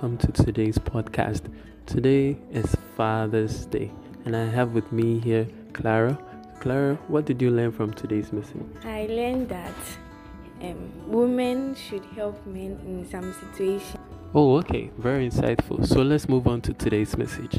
welcome to today's podcast. Today is Father's Day, and I have with me here Clara. Clara, what did you learn from today's message? I learned that um, women should help men in some situations. Oh, okay, very insightful. So let's move on to today's message.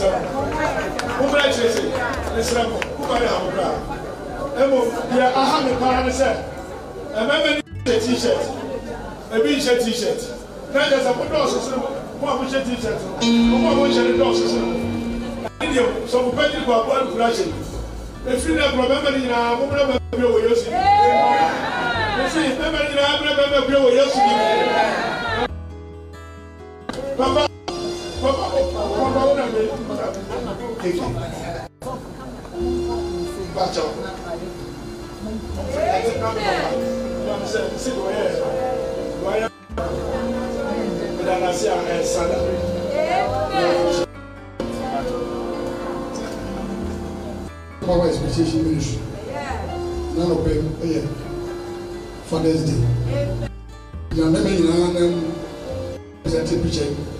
mesrɛ mo mmerɛ kyerɛkyerɛ mesrɛ mo mobɛde ahobrɛ a mmom deɛ aha me paa ne sɛ ɛmɛmɛ ni hyɛ t-shirt ebi nhyɛ t-shirt na kyerɛ sɛ modɔɔso mo a mohyɛ t-shirt no mo a mohyɛ ne dɔɔso so no ɛne deɛ sɛ mo pɛ gyiri kɔaboa no kura hyɛ efiri na kura mɛmɛ ni nyinaa mo mmerɛ mɛmɛ bi wɔ yesu ni esi mɛmɛ ni nyinaa mmerɛ mɛmɛ bi wɔ yesu ni papa. Power Expectation Ministry. None of them ɛyɛ oh Father's Day. Nyame nyinaa nam ɛsɛ ti picture yi.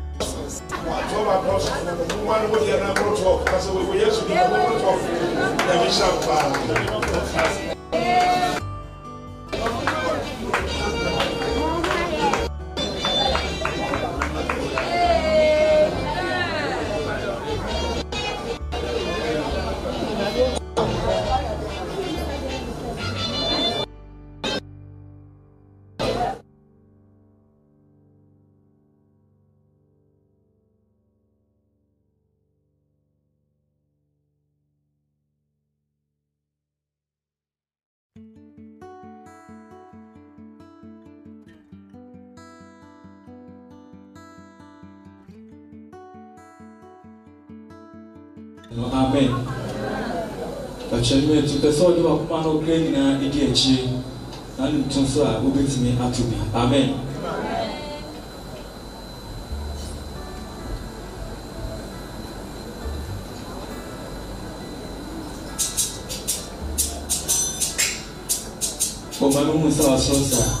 amen akyɛnmɛ tu pɛ sɛ ɔde wakoma na ɔkura nyinaa ɛdi akyire na ne nto so a wobɛtumi ato bi amen ɔma no mu sɛ wasoro saa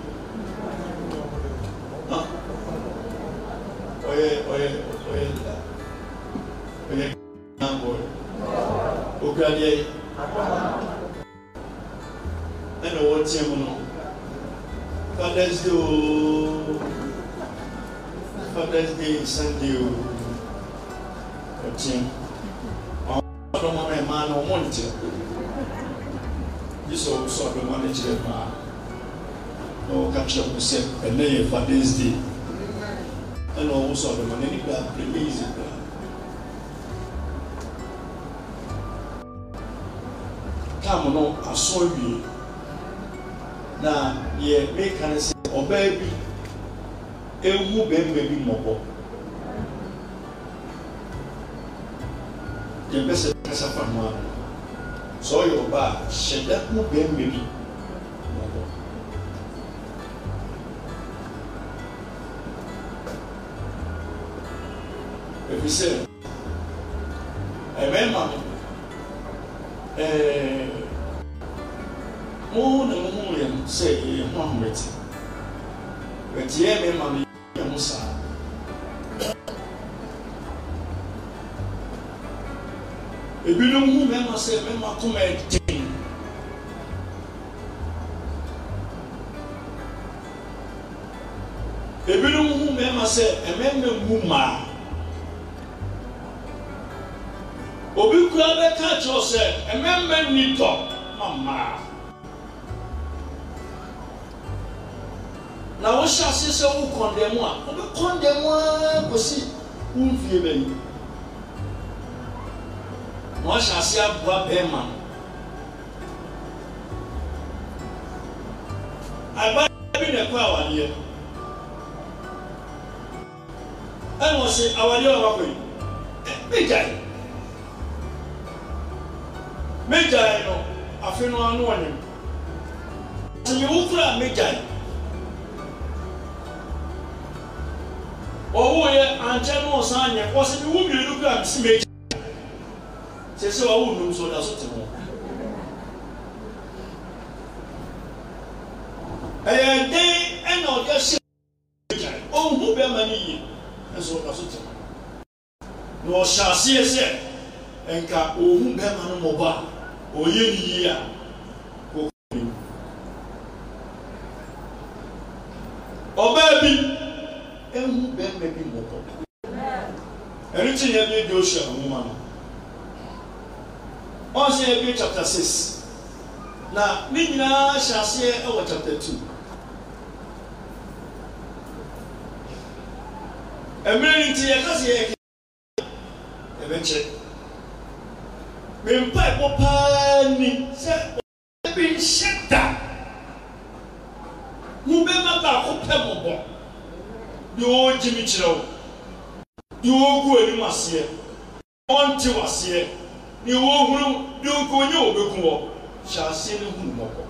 akyerɛ mo sɛ ɛnɛ yɛ fathers day ɛna ɔmo sɛ ɔdɔm n'ani da pɛlɛ yi zi da wie na yɛ meka ne sɛ ɔbaa bi ewu bɛrima bi mmɔbɔ yɛn bɛ sɛ kasa fa ho ano sɛ ɔyɛ ɔbaa hyɛ da ho bɛrima bi. é ɛbɛrima no é mo na mo ho yɛ sɛ ɛyɛ ho ahomete bɛti yɛ bɛrima no yɛ mo saa ebinom ho bɛrima sɛ bɛrima kɔma ɛgyen ebinom ho bɛrima sɛ ɛmɛrima mu maa. ka kyerɛ sɛ mmarima nni dɔ ma mmaa na wohyɛ ase sɛ wokɔndɛm a wobɛkɔndɛm ara kɔsi womfie bɛyi na wahyɛ ase aboa bɛrima no aba bi na ɛkɔ awadeɛ ɛna ɔse awadeɛ ɔwakɔ yi ɛbɛgyae megyae no afe no ano ɔnim sɛ wo kura megyae ɔwoyɛ ankyɛ no ɔsan nyɛ ɔsɛ me wo mmienu kura me si megyae sɛ sɛ wawo nnum so ɔda so te ho ɛyɛ den ɛna ɔde ahyɛ megyae ɔnhu bɛma no yie nso ɔda so te ho na ɔhyɛ aseɛ sɛ nka ɔhu bɛma no mɔbaa òye yìí a kò kọ́ mi. ọbẹ̀ bi ehu bẹ́ẹ̀mẹ̀ bi mọ̀kọ́ ẹni tí yẹn bí Joshua nwoma no wọ́n sẹ́ yẹn bí chapter six na ne nyinaa hyɛ aseɛ wɔ chapter two. mmerɛ nti yɛka sɛ yɛyɛ ɛbɛkyɛ mempa ɛkɔ paa ni sɛ ɛbi nhyɛ da mo bɛma baako pɛ mo bɔ deɛ ɔregye mi kyerɛ wo deɛ ɔregu anim aseɛ ɔnte waseɛ deɛ ɔrehunu deɛ ɔregu onye ɔbɛku wɔ hyɛ aseɛ no hu mmɔbɔ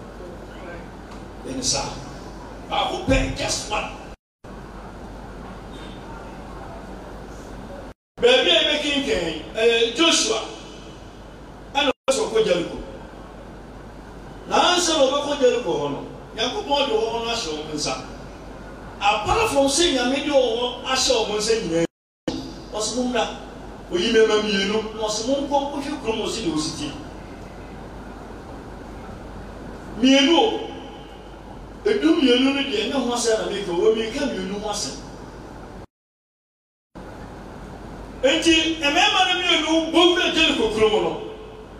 ɛne saa baako pɛ just one baabi a ɛbɛkenkɛn ɛɛ eh, joshua ansa na ɔbɛkɔ jeriko hɔ no nyankopɔn de wɔn ahyɛ wɔn nsa apaafo sɛ nyame de wɔn ahyɛ wɔn nsa nyinaa ɔsɛ mo mmra oyi mmarima mmienu na ɔsɛ mo nkɔ nhwɛ kurom ɔsi na ɔsi ti mmienu o edu mmienu no deɛ ne ho asɛ na meka wɔ meka mmienu ho asɛ eti mmarima no mmienu wɔn wura jeriko kurom no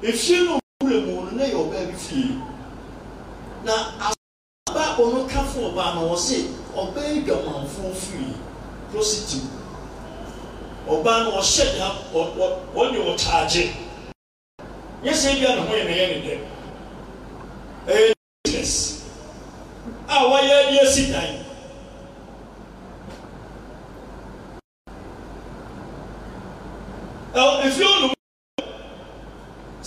efie no wɔn wura mu no ne yɛ ɔbaa bi fie na abaako no kafo ɔbaa na wɔse ɔbaa yi dwamanfo firi prositi ɔbaa na ɔhyɛ ya ɔ ɔ ɔne ɔkyaagye nyɛ sɛ ebi a ne ho yɛ ne yɛ ne dɛ ɛyɛ business a wɔyɛ ɛdi esi dan. ɛwɔ efi ɔnum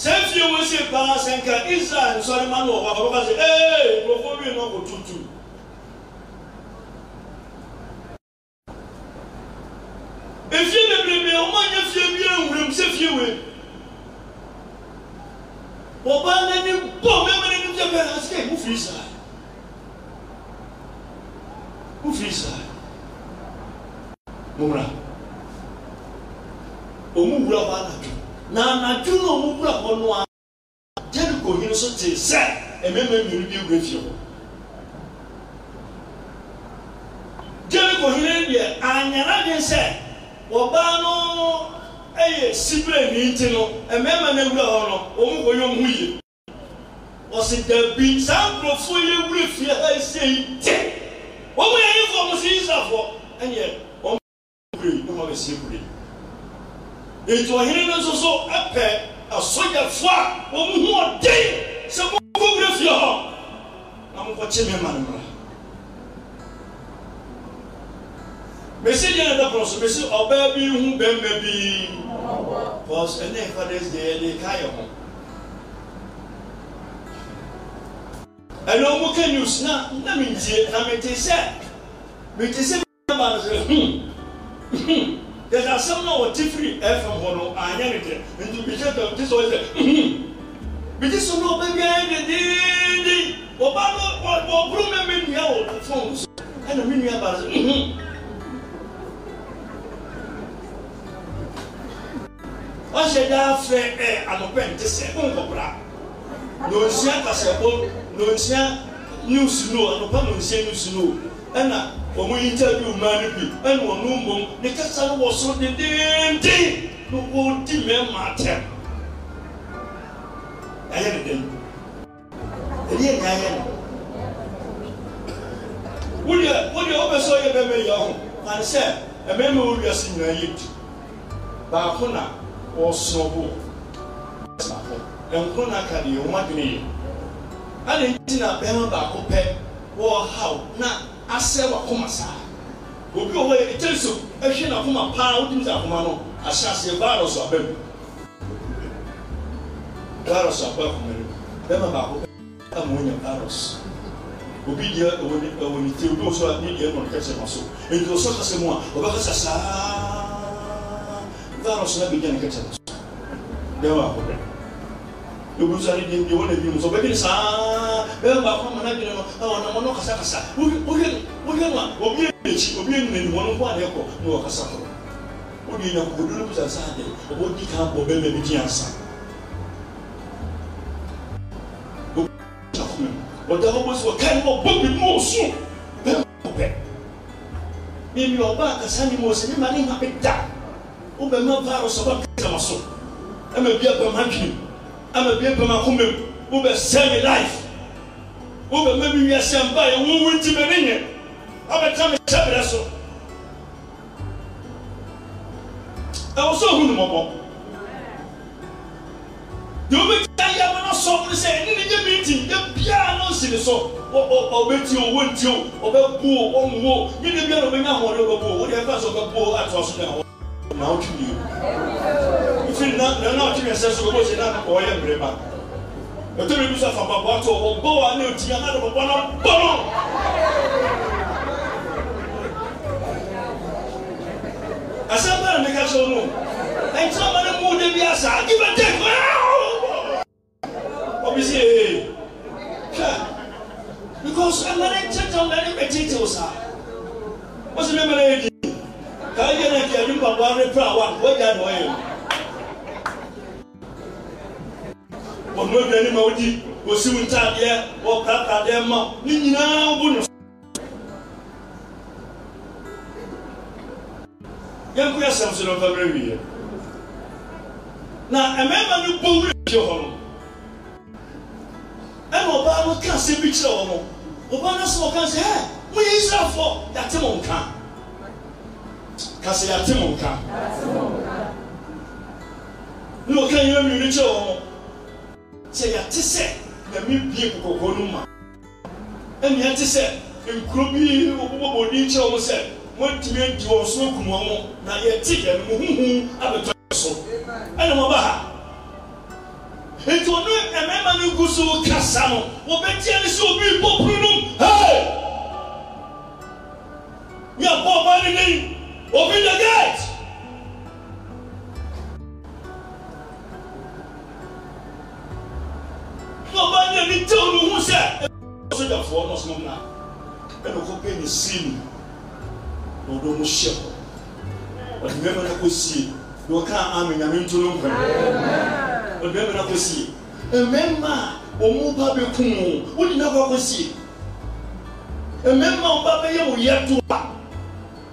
sɛ fie wɔ sie paa sɛ nka israel nsɔre ma no wɔ hɔ a wɔbɛka sɛ ee nkurɔfoɔ bi no akɔtutu efie bebrebe a wɔn anya fie bi awuram sɛ fie wɔ ɔbaa n'anim bɔ mmarima n'anim sɛ bɛrɛ ase ɛ mo firi saa mo firi saa mo mra ɔmo wura hɔ ana na anadwo no a wɔwura hɔ no a jeriko hene so te sɛ mmarima mmienu bi awura fie hɔ jeriko hene deɛ anyana de sɛ ɔbaa no yɛ sibireni nti no mmarima no awura hɔ no wɔn wɔn yɛn ho yie ɔsi dabi saa nkurɔfoɔ yi awura fie ha esi yi te wɔn yɛ yɛ fɔm si yi sa fɔ wura yi ne ma bɛ yi nti ɔhene no nso so pɛ asogyafoɔ a wɔn ho ɔden sɛ mokɔ mmerɛ fie hɔ na mokɔkye me ma no mmra mesi deɛ ne dɛpono so mesi ɔbaa bi ho bɛrima bi cause ɛne fathers day yɛde ka yɛ ho ɛna ɔmo ka news na na mentie na mete sɛ mete sɛ mɛba no sɛ hmm hmm yɛsɛ asɛm no a wɔte firi hɔ no anyɛ ne dɛ nti bigye dɛm gye sɛ ɔyɛ sɛ bigye so no ɔbɛwiaɛ dediidi ɔba no ɔboro mɛ me nua wɔ fon so ɛna me nua baa sɛ ɔhyɛ daa frɛ ɛ anɔpɛ nte sɛ nkɔkora na ɔnsua kasɛbɔ na ɔnsua news no anɔpa na ɔnsua news no ɛna wɔn yi ta bi mmaa no bi ɛna wɔn mmom ne kasa no wɔ so dendenden na wɔredi mmarima atɛm ɛyɛ ne dɛm ɛdeɛ nyɛ ayɛ no wodeɛ wodeɛ wɔbɛ sɛ ɔyɛ bɛmɛ yɛ ho nan sɛ ɛmɛɛmɛ wɔ wiase nyinaa yɛ di baako na ɔresɔn bo nkoro na aka deɛ wɔn adwene yɛ ɛna nti na bɛrima baako pɛ wɔrehaw na asɛ wakoma saa obi wɔ hɔ yɛ ɛkyɛn so ɛhwɛ n'akoma paa wotum sɛ akoma no ahyɛ aseɛ baara so aba mu baara so aba akoma no bɛma baako bɛma wɔn nya baara so obi deɛ ɛwɔ ne ɛwɔ ne ti obi wɔ so a ne deɛ ɛnɔ ne kɛse ma so nti o so kasa mu a ɔbɛkasa saa baara so na bɛ gya ne kɛse ma so bɛma baako bɛma ewu sani di ndi wọn ebi muso bẹbi saa bẹẹ bá fún amana gbẹrẹ ma ọwọ ọmọ náà kasakasa wókè wókè wókè ma obi yẹ n'ekyi obi yẹ nìyẹn wọn nkọ adé kọ ní wọn kasa kọ wọn di yẹn kọ odu ní bisa sáà dé ọbọ di kan bọ bẹẹ bẹbi diẹ asa obi yẹ kọ mi ọdọ ọbọ sọ káyọ bọ bọ mi mọ sùn bẹẹ bọ bẹ mímí ọba akasa ni mo sẹ mímá ni ma mi da ọbẹ mi bá a rọ sọ bá mi kẹsàn-án sọ bi ẹ bẹ ma dùn ama bie pam akoma mu wobɛ sɛme life wobɛ ma mi wiase mba yɛ wowu nti m'ani nyɛ abɛtena me hyɛberɛ so ɛwɔ sɛ ohu no mmɔbɔ deɛ wobɛtia yɛ ma no sɔm no sɛ ɛne ne gye meeting da biara no si ne so ɔbɛti o wonti o ɔbɛbu o ɔnwo o nyɛ da biara ɔbɛnya ahoɔden ɔbɛbu o wode ɛfa sɛ ɔbɛbu o atoa so ne ahɔ na wotwe bio mfiri na na na ɔtwe ɛsɛ so ɔbɔ si na ɔyɛ mmerɛma ɛtɔbi bi so afa mpaboa to ɔbɔ wa na oti ana de mpaboa na bɔ no. asɛm bɛrɛ mi ka so no ɛnkyɛn bɛrɛ mu de bi asa give and take ɔbi si ee hwɛ because ɛmɛrɛ nkyɛnkyɛn ɔmɛrɛ bɛ tete o saa wɔsi mɛmɛrɛ yɛ di kaa yɛ na kɛ ɛdi mpaboa ne pra wa wɔdi a na ɔyɛ o. wɔn aduane ma wodi wɔsiw ntaadeɛ wɔkrakra deɛ ma ne nyinaa bu no yɛnko yɛ sɛm so no mfa berɛ wieɛ na mmarima no bowura fie hɔ no ɛna ɔbaa no ka asɛm bi kyerɛ wɔ no ɔbaa no sɛ wɔka sɛ ɛ moyɛ israelfoɔ yɛate mo nka ka sɛ yɛate mo nka ne wɔka nyɛ mmienu kyerɛ wɔ no sɛ yɛate sɛ nyame bie kokɔkɔ no ma ɛne yɛte sɛ nkuro bi wɔbobɔbɔ din kyerɛ wɔn sɛ wɔntumi adi wɔn so akum e wɔn na yɛte yɛn mo huhu e abɛtɔ so ɛna wɔba ha nti wɔn mmarima no gu so kasa no wɔbɛtia ne sɛ obi bɔ puru nom hee yɛ bɔ ɔbaa ne nan obi the gate. na ɔbaa ni ani tew ne ho sɛ sogyafoɔ na ɔsom na ɛna ɔkɔpɛ ne sii mu na ɔde ɔmo hyɛ hɔ ɔde mmarima no akɔ sie na ɔka ame nyame nto no nkwa ɔde mmarima no akɔ sie mmarima a ɔmo ba bɛkum wo wode na kɔ akɔ sie mmarima a ɔba bɛyɛ wo yɛto a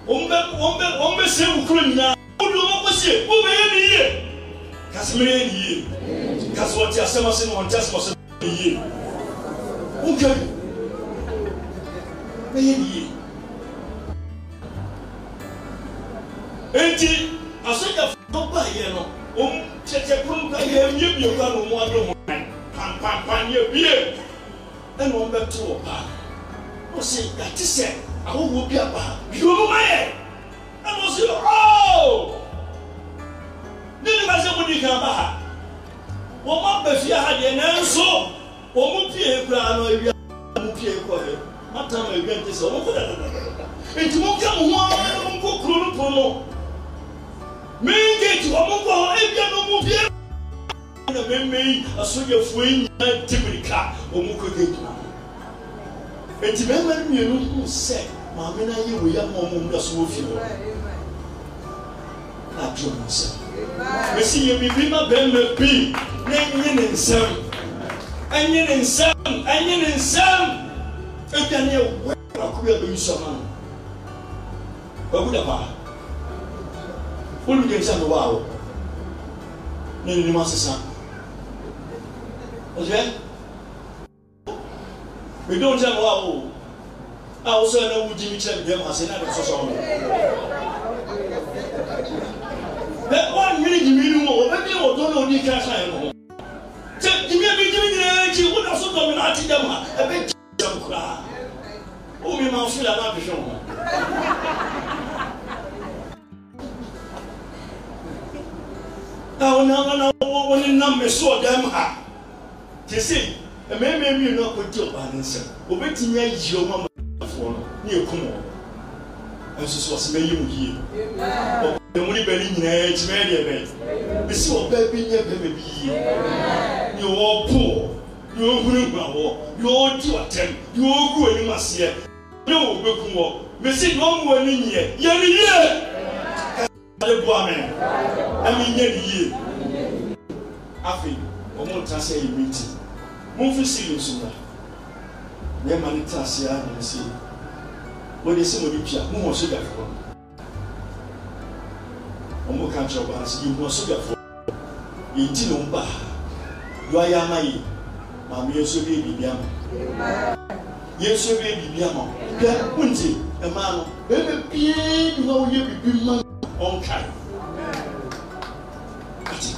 ɔmbɛsie wo kuro nyinaa wode ɔmo akɔ sie wobɛyɛ ne yie kasemɛyɛ ne yie kasɛ ɔte asɛm ase na ɔnte asɛm ase yie wodwa mu bɛyɛ ne yie enti asogyafoɔ baayɛ no ɔm kyɛkyɛ kuro ka yɛnyɛ bio ka na ɔmo adɔ mo nan pampampan yɛ bie ɛna ɔm bɛto wɔ paa ɔsɛ yɛate sɛ ahohoɔ bi aba hwɛ ɔmo ma yɛ ɛna ɔsɛ ɔɔ ne ne ba sɛ mo di kan ba ha wɔn abɛfi aha deɛ nanso wɔn pie kura no ewia wɔn pie kɔ yɛ mata ma ewia nti sɛ wɔn kɔ dadadada nti wɔn kura wɔn ho ara wɔn kɔ kuro no po no main gate wɔn kɔ hɔ ewia no wɔn pie na mmɛmɛ yi asogyafoɔ yi nyinaa ti mirika wɔn kɔ gate no nti mmarima mmienu ho sɛ maame na yɛ wɔyɛ ama wɔn mu na so wɔ fie hɔ na adwo wɔn nsɛm mesi yɛ bibi ma bɛrima bii n'enye ne nsam enye ne nsam enye ne nsam eka ne ewu akuru ebeyi sọma wagu dapa olu de nsa mi wa awo ne nimu asesa ọsẹ ebi ohun sẹ mi wa awo a wosọ yẹ n'ewu di mi kyerẹ mi dẹmu ase n'ade sọsọ ọmọ bẹ wọn nyiri jimi ni mu o bẹ bi wotọ n'odi kankan yẹ no akyi wọn na so dominate dɛm a ɛbɛ kyi dɛm koraa wọn mi ma fi la na abɛhwɛ wọn. a wọn na wọn na wọn ne nam ɛso dɛm ha te se mmarima mmienu akɔgye ɔbaa ne nsam obetumi ayi wɔn ama ɛfoɔ no ne ekum wɔn nso so ɔsɛ bɛyɛ mu yie ɔbɛn mu bɛni nyinaa akyi deɛ bɛyɛ bɛsi ɔbaa bi nyɛ bɛrɛ bi yie ne wɔpo yóò huru nkurawɔ yóò di ɔtɛm yóò gu anim aseɛ ne wo bɛku wɔ mesi na ɔmo ani nyiɛ yɛ ni yie ɛsɛ bu amɛ ɛmi nyɛ ni yie afei ɔmo nta sɛ yɛ mi ti mo fi si yɛ nsona ne ma ne ta aseɛ ayɛ ne se mo de se mo de pia mo wɔ sojafoɔ ɔmo ka kyerɛ ɔbaa se yɛ wɔ sojafoɔ yɛ ti na ɔmo ba yɔ ayɛ ama yɛ maame yɛn nso bɛyɛ biribi ama yɛn nso bɛyɛ biribi ama kɛ kunti mmaa no bɛɛbɛ pie ni wɔn yɛ biribi ma ɔnkae ati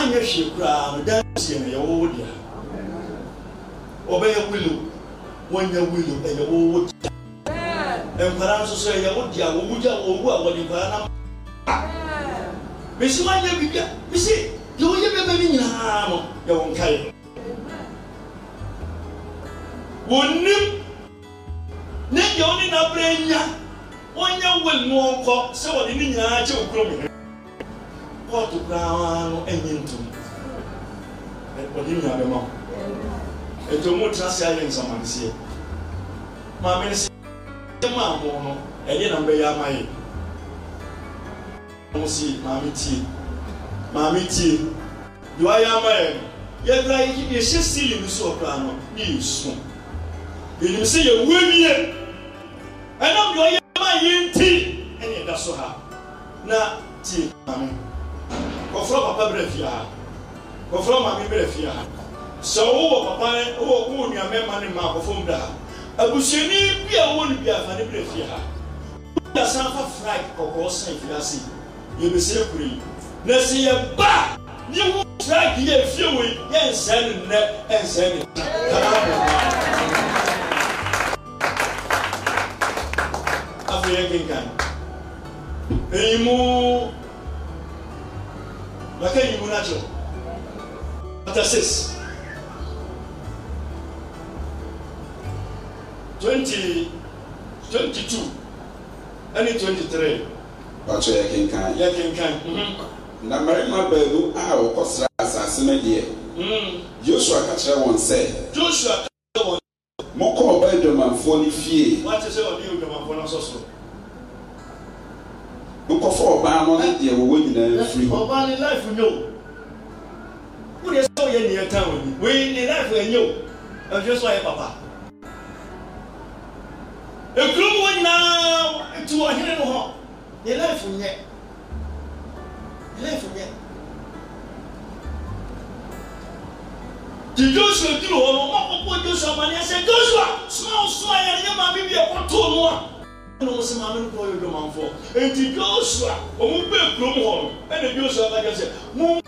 anyɛ hwɛ koraa no dan si yɛn yɛ wɔwɔ deɛ ɔbɛyɛ wilo wɔnyɛ wilo ɛyɛ wɔwɔ deɛ nkwadaa nso so ɛyɛ wɔ deɛ wɔn mu gya wɔn wu a wɔde nkwadaa nam bɛsi wɔn anyɛ biribi bɛsi deɛ wɔyɛ bɛbɛ ne nyinaa no yɛ wɔn kae wɔnim ne deɛ ɔne n'abere anya ɔnyɛ wɔn mu ɔnkɔ sɛ wɔde ne nyinaa kyɛ okuro mu kɔɔto koraa no ɛnyɛ ntom ɔde nyinaa bɛma ho ɛtɔ mu tena se ayɛ nsamanseɛ maame ne sɛ ɛma amo no ɛnyɛ na mbɛyɛ ama yɛ ɔmo si maame tie maame tie deɛ ɔayɛ ama yɛ no yɛdra yɛhyɛ sili bi so ɔkora no ne yɛ sum enim sɛ yɛwu awie ɛnam deɛ ɔyɛ ma yɛ nti ɛne ɛda so ha na tie maame kɔfrɔ papa berɛ fie ha kɔfrɔ maame berɛ fie ha sɛ wowɔ papa wowɔ wowɔ nuamɛma ne ma akɔfɔm da ha abusuani bi a wɔwɔ ne bi afa ne berɛ fie ha da san fa fry kɔkɔɔ sɛn fie ase yɛbɛsi akure yi na sɛ yɛba ne wo fry yɛ fie wei yɛnsɛn ne nnɛ ɛnsɛn ne nnɛ asafo yɛ kenkan enyimu maka enyimu n'akyerɛ chapter six twenty twenty two ɛne twenty three. wàtò yɛ kenkan. yɛ kenkan. Mhm. na mmarima baanu a wɔkɔsra asase no deɛ. Mhm. joshua ka kyerɛ wɔn sɛ. joshua ka kyerɛ wɔn. mokɔ ɔbɛ dɔmanfoɔ no fie. wàá ti sɛ ɔdi dɔmanfoɔ no asɔsoro wokɔ fɔ ɔbaa no ne deɛ wɔwɔ nyinaa firi hɔ ɔbaa ne life nyɛ o wo deɛ sɛ ɔyɛ nea tan wɔ wei ne life ɛnyɛ o ɛhwɛ sɛ ɔyɛ papa ekuro mu wɔ nyinaa tu ɔhene no hɔ ne life nyɛ ne life nyɛ ti joshua duro hɔ no ɔmo akɔkɔ joshua ma ne ɛsɛ joshua suma osuma yɛ ne yɛ maa mi bi ɛkɔ to no a na wɔn sɛ maame no kɔn yɛ dɔmanfo eti joshua wɔn bɛ kurom hɔ no ɛna joshua bɛka sɛ mo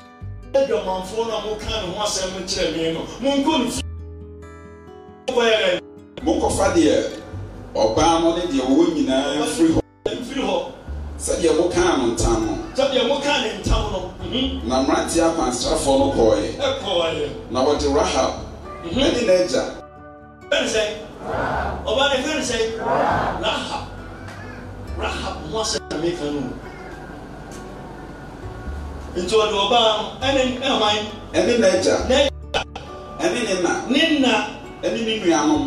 yɛ dɔmanfo na mo ka ne ho asɛm no kyerɛ mi no mo nkɔ ne fi. mo kɔfa deɛ ɔbaa no ne deɛ ɔwɔ nyinaa firi hɔ. firi hɔ. sɛdeɛ mo kaa no ntam no. sɛdeɛ mo kaa ne ntam no. na mmeranteɛ akwansrafoɔ no kɔɔɛ. ɛkɔɔɛ. na wɔde rahab. Mhm. ɛne n'agya. fɛn sɛ ɔbaa ne fɛn sɛ rahab rahab ho asɛm meka no nti ɔde ɔbaa ɛne ɛman ɛne n'agya n'agya ɛne ne na ne na ɛne ne nuanom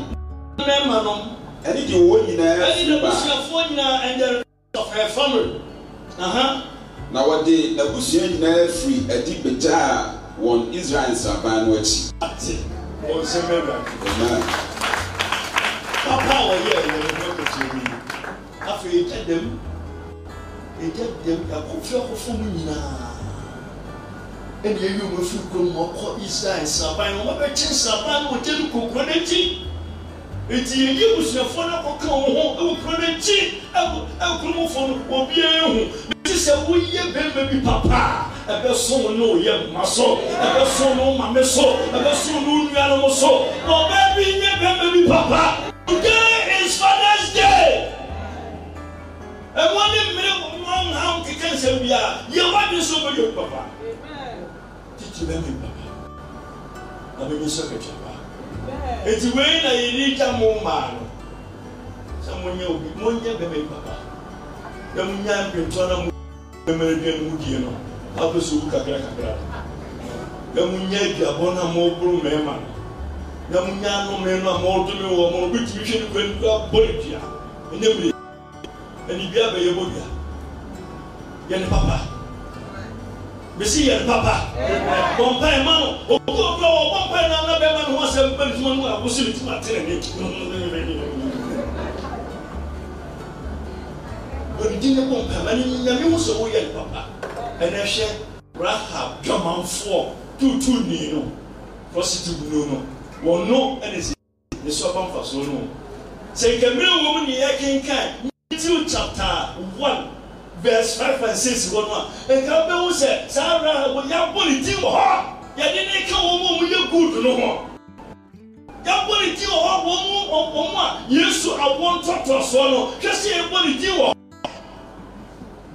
ne ɛma nom ɛne de wɔn nyinaa ɛne de busuafoɔ nyinaa and of her family aha na wɔde abusua nyinaa firi adi begyaa wɔn israel nsaban no akyi. ate wɔn nsɛm ɛwura. papa a wɔyɛ ɛyɛ ɛyɛ afei gya dɛm gya dɛm akɔfi akɔfo mu nyinaa ɛna eyi wɔn afiri kurom ma ɔkɔ israel nsaban wɔn abɛkye nsaban na wɔgye no kokoro n'akyi eti yɛyi abusuafoɔ no akɔka wɔn ho ɛwɔ kuro n'akyi ɛwɔ ɛkuromofoɔ no obiara ho eti sɛ woyɛ bɛrima bi papa ɛbɛso ne oyɛ mma so ɛbɛso ne mame so ɛbɛso ne onuanom so ɔbaa bi nyɛ bɛrima bi papa. ɛmu ani mmiri wɔn na ahụ keke nsɛm bia yɛ wadi nso bɛ yɛ papa titi bɛ mi papa na bɛ nyɛ sɛkɛtɛ ba eti wei na yɛ ni gya mu mmaa no sɛ mo nyɛ obi mo nyɛ bɛ mi papa na mo nyɛ mpintɔ na mo bɛ mɛrɛ dua no die no apɛ so wu kakra kakra na mo nyɛ aduabɔ na mo buru mɛɛma na mo nyɛ anum na mo dumi wɔ mo obi tumi hwɛ nipa nipa bɔ ne dua ɛnyɛ mi ɛni bi abɛyɛ bɔ dua yɛn papa bisi yɛn papa bɔnpa yɛ ma no oku obi ɔwɔ bɔnpa yɛ n'ala bɛɛ ma no wɔn sɛ bɛn tuma no akosi ne tuma tɛnɛ ne wɔn di ne bɔnpa yɛ ma ne nyame wosɛ wo yɛn papa ɛnɛ hwɛ raha dwamanfoɔ tutu nii no prostitute no no wɔn no ɛna si ne sɔ bɔnfa so no sɛ nkɛmire wɔm ne yɛ kenkan. Matthew chapter one verse five and six wɔ no a nka bɛhu sɛ saa ara wɔ yabɔ ne ti wɔ hɔ yɛde ne ka wɔn mu a wɔyɛ good no ho yabɔ ne ti wɔ hɔ wɔn mu wɔn mu a yesu awɔ ntɔtɔsoɔ no hwɛ sɛ yabɔ ne ti wɔ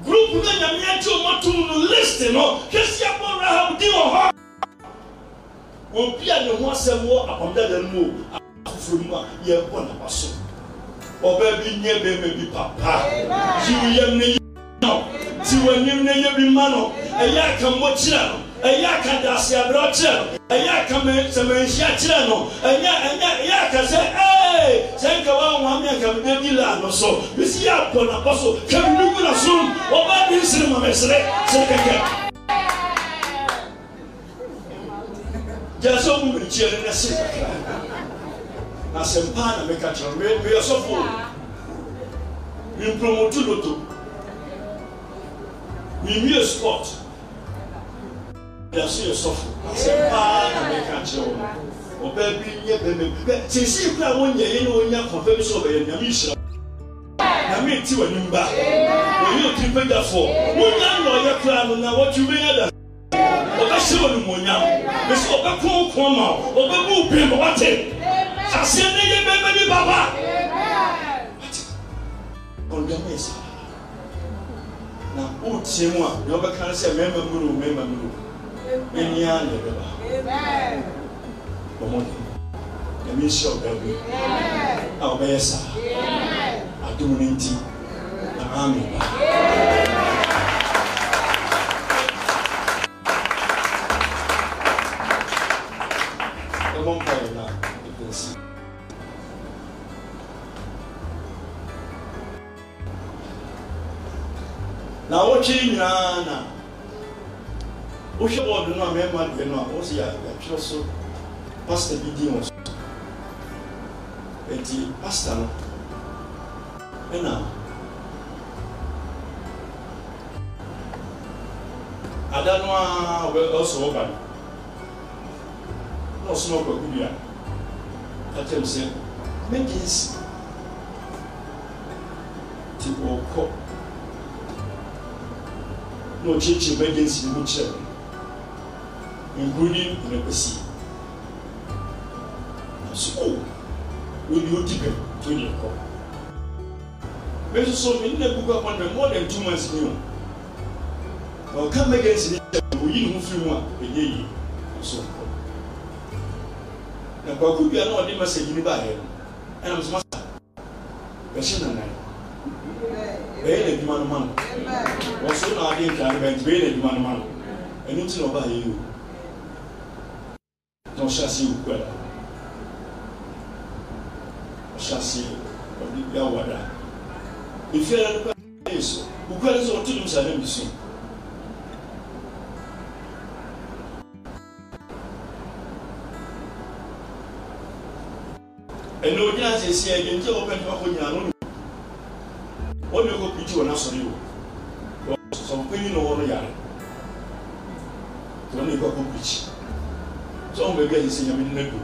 group no nyame agye wɔn atum no list no hwɛ sɛ yabɔ rahab di wɔ hɔ obi a ne ho asɛm wɔ akɔndada no mu a afoforo mu a yɛbɔ n'aba so ɔbaa bi nyɛ bɛrima bi papa ti o yam ne yɛ no ti o anim ne yɛ bi ma no ɛyɛ akamɔ kyerɛ no ɛyɛ akadase abirɛ kyerɛ no ɛyɛ akama sɛmɛnhyia kyerɛ no ɛyɛ ɛyɛ ɛyɛ akasɛ ɛɛ sɛ nka wa wɔn amia nka mi bɛ la ano so bisi yɛ abɔ na bɔ so kɛmi ne mu na so ɔbaa bi nsiri ma mɛsiri sɛ kɛkɛ. gyasɛ mu mirikyia ne ne se kakra na asɛm paa na meka kyerɛ no meyɛ sɔfo mempromoto loto memie sport yɛso yɛ sɔfo asɛm paa na meka kyerɛ wo ɔbaa bi nyɛ bɛmɛ bɛ seesei kora wonyɛ ye ne wonya kɔfa bi sɛ ɔbɛyɛ nyame nhyira nyame nti w'anim ba wɔyɛ ɔtimpagyafoɔ wonya na ɔyɛ kora no na wɔtwe wobɛnya da ɔbɛhyɛ wɔ nimonyam mesɛ ɔbɛkonkɔn ma wo ɔbɛbu bi ma wate kaseɛ ne yɛ bɛbɛ ne baba ɔndɛmɛ yɛ saa na wotie mu a na wobɛka no sɛ mɛma muro mɛma muro mɛnia ne bɛba bɔmmɔde nyame nhyɛ ɔda bi a wobɛyɛ saa adom no nti na ame ba awotwe nyinaa na wohwɛ bɔɔdo no a mɛma deɛ no a wɔsɛ yɛatwerɛ so pasta bi din wɔ so enti pasta no ɛna ada no a ɔsɔ wɔ ba no na ɔso no ɔkwaku bia kakyɛm sɛ mekinsi nti ɔkɔ na ɔkyerɛkyerɛ emergency ne mu kyerɛ me nkuru ne nnakwasi nso o wɔde ɔdi bɛm to deɛ kɔ me nso so me nna gugu apɔnmɛ more than two months ne o na ɔka emergency ne kyerɛ me oyi ne ho firi mu a ɛnyɛ yie nso kɔ na kwaku dua na ɔde message ne baayɛ no ɛnam so masa bɛhyɛ nanan bɛyɛ na adwuma no ma no wɔso na ade nkra no bɛnti bɛyɛ na adwuma no ma no ɛno nti na ɔbaa yɛyɛ o na ɔhyɛ ase yɛ okua da ɔhyɛ ase ɔde bi awada efia no kɔ ɛyɛ so okua no nso ɔte ne mu saa ne mu so. ɛnna ogyina sɛ si ɛdi nti a wɔpɛ nipa kɔ nyina no wọn yóò kó pìtì wọn náà sọ̀rọ̀ yìí o sọ̀rọ̀ pínpín ní wọn yàrá wọn yóò kó pìtì sọ̀rọ̀ bẹ̀bí ẹ̀yìn sẹ̀yìn àmì nínú ẹ̀dùn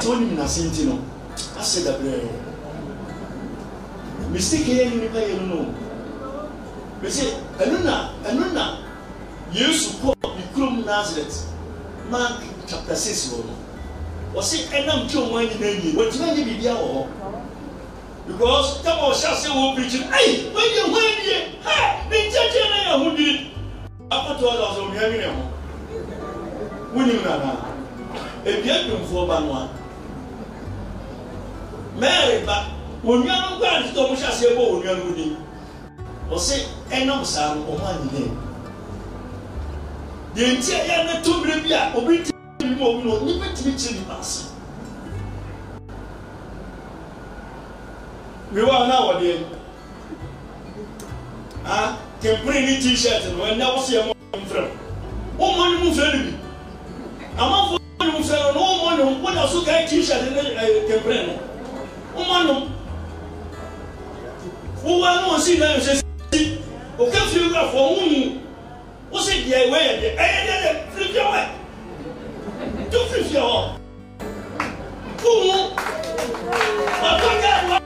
tí wọ́n ní mìíràn sí ti nù asẹ̀ dàbẹ̀ ẹ̀ mistake yẹn ní nípa yẹn nù bẹ́sẹ̀ ẹnu na ẹnu na Yesu kọ́ ìkúròm Nazareth Mark chapter six wọ̀ wọ́n sẹ́ ẹ̀nàm tí wọ́n wá nyina yìí wọ́n ti bá yẹ bìbí àwọ̀ because tẹ́wọ̀ ọ̀ṣẹ́ àṣẹ wọ́n bìrìkì ẹ̀yì wọ́n yẹ wọ́n ẹ̀díyẹ ẹ̀ ní jẹ́jẹ́ náà yẹ hó di. akọ̀tọ̀ ọ̀dọ̀ ọ̀sẹ̀ òmìnira mi nà ẹ̀họ́ wúni mi nàná ebi ẹ̀dùnfọ̀ bá nù a mẹ́rin bá onuanom gbọ́ àti tó ọmọ ṣe àṣẹ bọ́ onuanom ni ọ̀sẹ̀ ẹ̀nàm sáà ní ọmọ ànyìnlẹ̀ yẹn ti ẹ̀yẹ ní tóbi bi a obi ti ẹ̀yẹ ní ọmọ nípa tìmí tìmí pàṣẹ. wiwa na wɔ deɛ a kempere ne t-shirt no ɛnɛ wɔsi ɛmɔ mfrɛ wɔn mɔ ne mu fɛ no bi amanfo ne mu fɛ no na wɔn mɔ ne mu wɔda so ka t-shirt ne ɛɛ kempere no wɔn mɔ ne mu wɔwɔ ne wɔn si na yɛ sɛ si oke firi wura fɔ wɔn mu wɔsi deɛ ɛwɛ yɛ deɛ ɛyɛ deɛ deɛ firi fia wɛ tó firi fia wɔ fún mu ɔtɔ kɛ ɛwɔ.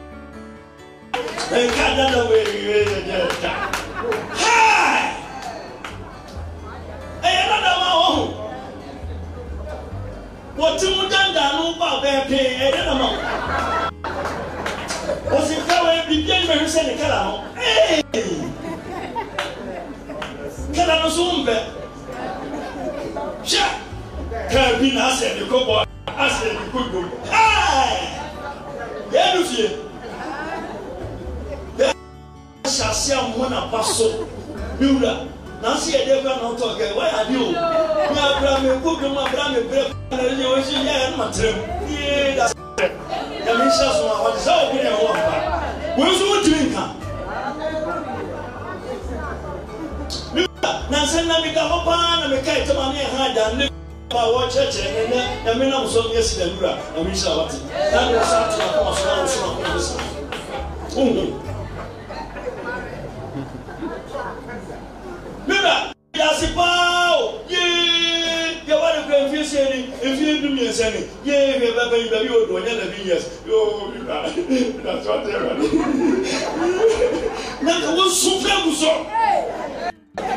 Ekada na wewe nyata. Hai. Eya na da ma wo. ase amu na ba so mi wura n'ase yɛ de bra na ɔtɔ kɛ wɔyɛ adi o mi abira mi ko bi mu abira mi bere na ɛdi yɛ o si yɛ ɛna tere mu yee da sɛ yɛmi nhyɛ so ma wɔde sɛ ɔbi yɛ wɔ mpa wɔn nso wɔn tiri nka mi wura n'ase na mi da hɔ paa na mi ka ɛtɛ ma mi yɛ ha da ne ma wɔ kyerɛkyerɛ ne na ɛmi nam so mi yɛ si na wura na mi nhyɛ wɔ te na mi nso ato na kɔma so na mi nso na kɔma so. wiase paa o yee yɛwɔ de kura nfie sie ni nfie du mmiɛnsa ni yee hwɛ bɛbɛ yi bɛbi o do ɔnyɛ na bi yɛs yoo bi na na sɔ tɛ ɛwɛ do na nka wɔn sun fɛn mu sɔ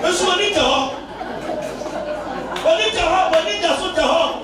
esu wɔn ni ta hɔ wɔn ni ta hɔ wɔn ni da so ta hɔ.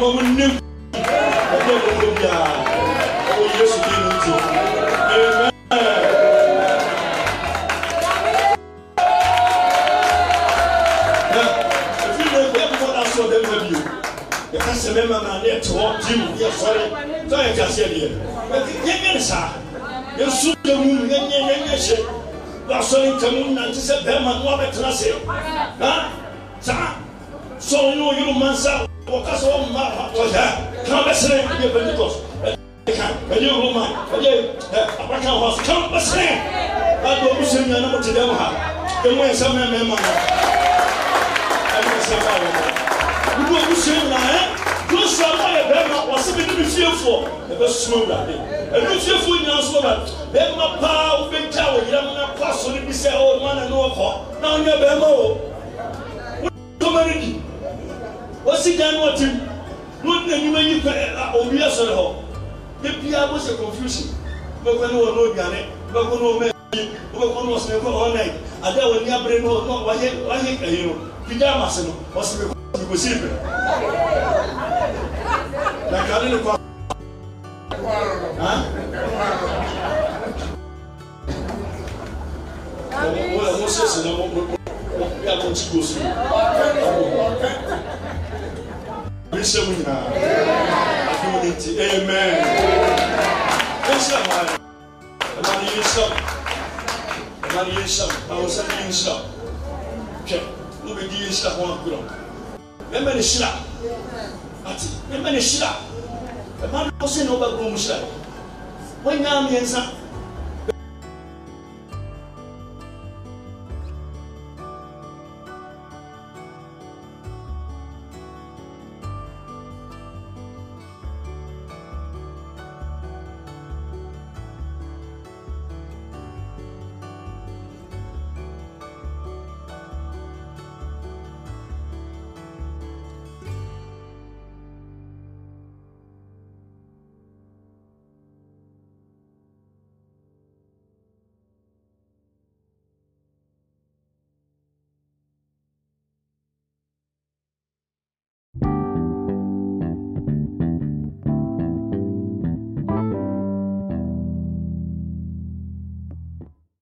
ma mo ne ɛyɛ wɔn biara ɔwɔ yesu di mu ti amen. yɛka sɛ mɛma na ne ɛte hɔ gye mu yɛ sɔre sɛ yɛ ka seɛ deɛ yɛnyɛ ne saa yɛsu da mu yɛnyɛ yɛnyɛ hyɛ wasɔre ntamu nante sɛ bɛrima na wabɛtena se saa sɔre ne ɔyere ma nsa wɔkasa wɔn mma wɔyɛ kan bɛsɛn ɛyɛ pentikɔs ɛyɛ kan ɛyɛ roma ɛyɛ ɛ abakan hɔ kan bɛsɛn ɛdi ɔmu sɛ nyina ɛmu ti dɛm ha ɛmu yɛ sɛ mɛmɛ ma ha ɛmu yɛ sɛ mɛmɛ ma ha ɛmu ɔmu sɛ nyina ɛ dosa ɔmu ayɛ bɛrima wɔsi bi ni bi fie fo ɛbɛ suma wulade ɛnu fie fo nyina nso la osi dan no ɔtim na ɔdi n'anim ayi pɛ obi asɔre hɔ ebia mo hyɛ confusion bɛkɔ ne wɔn n'oduane bɛkɔ ne wɔn mɛ bɛkɔ ne wɔsɛn kɔ ɔn nɛɛ ade a wɔn ni abere no ɔn wayɛ wayɛ ɛyi no pijama se no ɔsɛ bɛkɔ ɔsɛ bɛsi bɛ na kane ne kɔ ha wọ́n wọ́n sọ̀sọ̀ náà wọ́n wọ́n bí a kò tí kò sí i nhyɛ mu nyinaa adom no nti amen ɛnhyɛ maa ɛma no yɛnhyɛm ɛma no yɛnhyɛm awɔsɛ no yɛnhyɛm hwɛ ne bɛdi yɛnhyira ho agorɔ mɛma no hyira ate mɛma no hyira ɛma no sɛ ne wobɛgorɔ mu hyira wɔnyaa mmiɛnsa